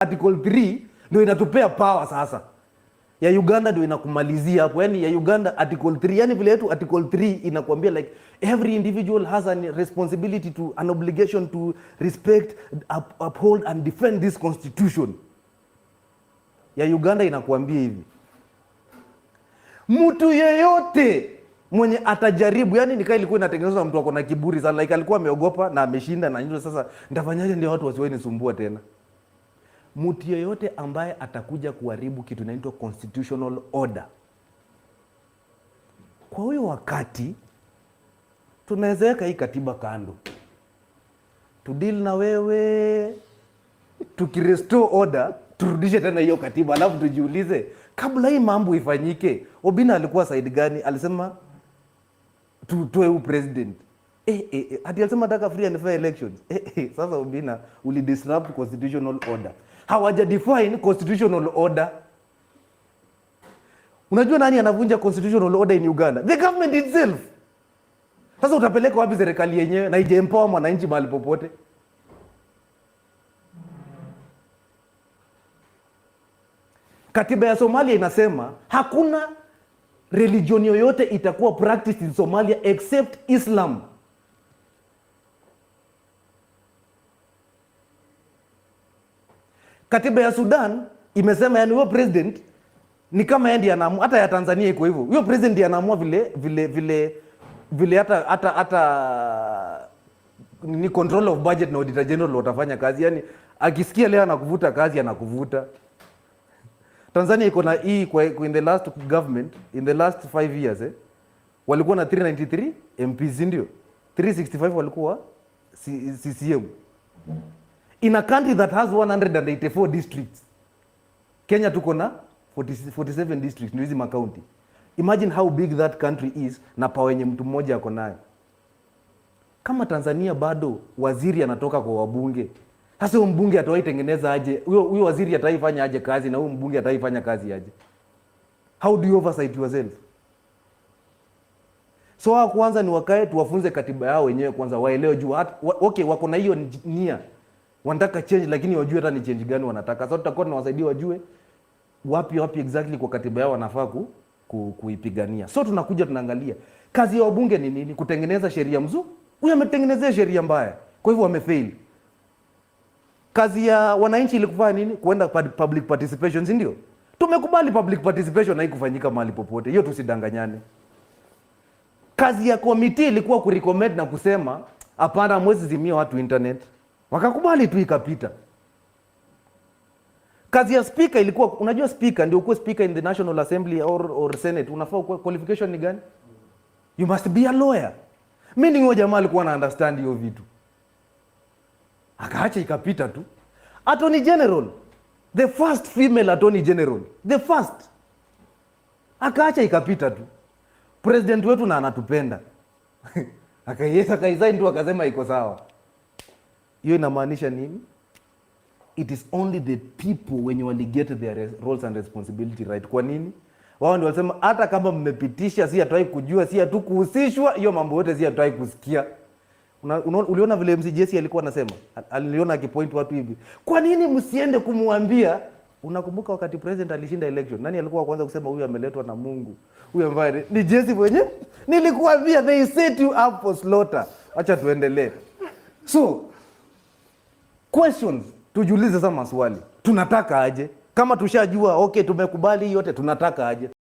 Article 3 ndio inatupea power sasa. Ya Uganda ndio inakumalizia hapo. Yaani ya Uganda Article 3, yani vile yetu Article 3 inakuambia like every individual has a responsibility to an obligation to respect, up, uphold and defend this constitution. Ya Uganda inakuambia hivi. Mtu yeyote mwenye atajaribu, yani nikaa ilikuwa inatengenezwa na mtu ako na kiburi sana, like alikuwa ameogopa na ameshinda na nyinyi, sasa nitafanyaje ndio watu wasiwe nisumbua tena mtu yeyote ambaye atakuja kuharibu kitu inaitwa constitutional order. Kwa huyo wakati tunawezaweka hii katiba kando, tudil na wewe, tukirestore order turudishe tena hiyo katiba, alafu tujiulize kabla hii mambo ifanyike, Obina alikuwa saidi gani? Alisema tutoe u president eh, eh, hadi eh, alisema taka free and fair elections eh, eh. Sasa Obina ulidisrupt constitutional order hawaja define constitutional order. Unajua nani anavunja constitutional order in Uganda? The government itself. Sasa utapeleka wapi serikali yenyewe na ije empower mwananchi mahali popote? Katiba ya Somalia inasema hakuna religion yoyote itakuwa practiced in Somalia except Islam. Katiba ya Sudan imesema yani huyo president ni kama yeye ndiye anaamua. Hata ya Tanzania iko hivyo, huyo president ndiye anaamua vile vile vile vile, hata hata hata ni control of budget na auditor general watafanya kazi. Yani akisikia leo anakuvuta kazi, anakuvuta. Tanzania iko na hii kwa in the last government in the last 5 years eh, walikuwa na 393 MPs ndio 365 walikuwa CCM. In a country that has 184 districts, Kenya tuko na 47 districts, ni hizi makaunti. Imagine how big that country is na pawenye mtu mmoja ako nayo. Kama Tanzania bado waziri anatoka kwa wabunge, sasa huyo mbunge ataitengeneza aje? Huyo waziri ataifanya aje kazi, na huyo mbunge ataifanya kazi aje? How do you oversight yourself? So kwanza ni wakae tuwafunze katiba yao wenyewe kwanza, waelewe juu okay, wako na hiyo nia wanataka change, lakini wajue hata ni change gani wanataka. Sasa tutakuwa tunawasaidia wajue wapi wapi exactly kwa katiba yao wanafaa ku, ku, kuipigania. So tunakuja tunaangalia kazi ya wabunge ni nini, kutengeneza sheria mzuri. Huyu ametengenezea sheria mbaya, kwa hivyo wamefail. Kazi ya wananchi ilikufanya nini? Kuenda public participation, si ndio? Tumekubali public participation na haikufanyika mahali popote, hiyo tusidanganyane. Kazi ya komiti ilikuwa kurecommend na kusema hapana, mwezi zimia watu internet wakakubali tu ikapita. Kazi ya spika ilikuwa, unajua spika ndio ukuwe spika in the National Assembly or, or Senate, unafaa qualification ni gani? You must be a lawyer. Meaning huyo jamaa alikuwa na understand hiyo vitu, akaacha ikapita tu. Attorney General, the first female Attorney General, the first, akaacha ikapita tu. President wetu na anatupenda akaiesa, akaisaini tu akasema iko sawa hiyo inamaanisha nini? It is only the people wenye waliget their roles and responsibility right. Kwa nini? Wao ndio walisema hata kama mmepitisha, si hatuwahi kujua, si hatu kuhusishwa hiyo mambo yote, si hatuwahi kusikia. Una, una, uliona vile MC Jesse alikuwa anasema, aliona akipoint watu hivi, kwa nini msiende kumwambia? Unakumbuka wakati president alishinda election, nani alikuwa kwanza kusema huyu ameletwa na Mungu, huyu ambaye ni Jesse mwenye Nilikuambia they set you up for slaughter. Acha tuendelee, so questions, tujiulize sa maswali, tunataka aje? Kama tushajua okay, tumekubali yote, tunataka aje?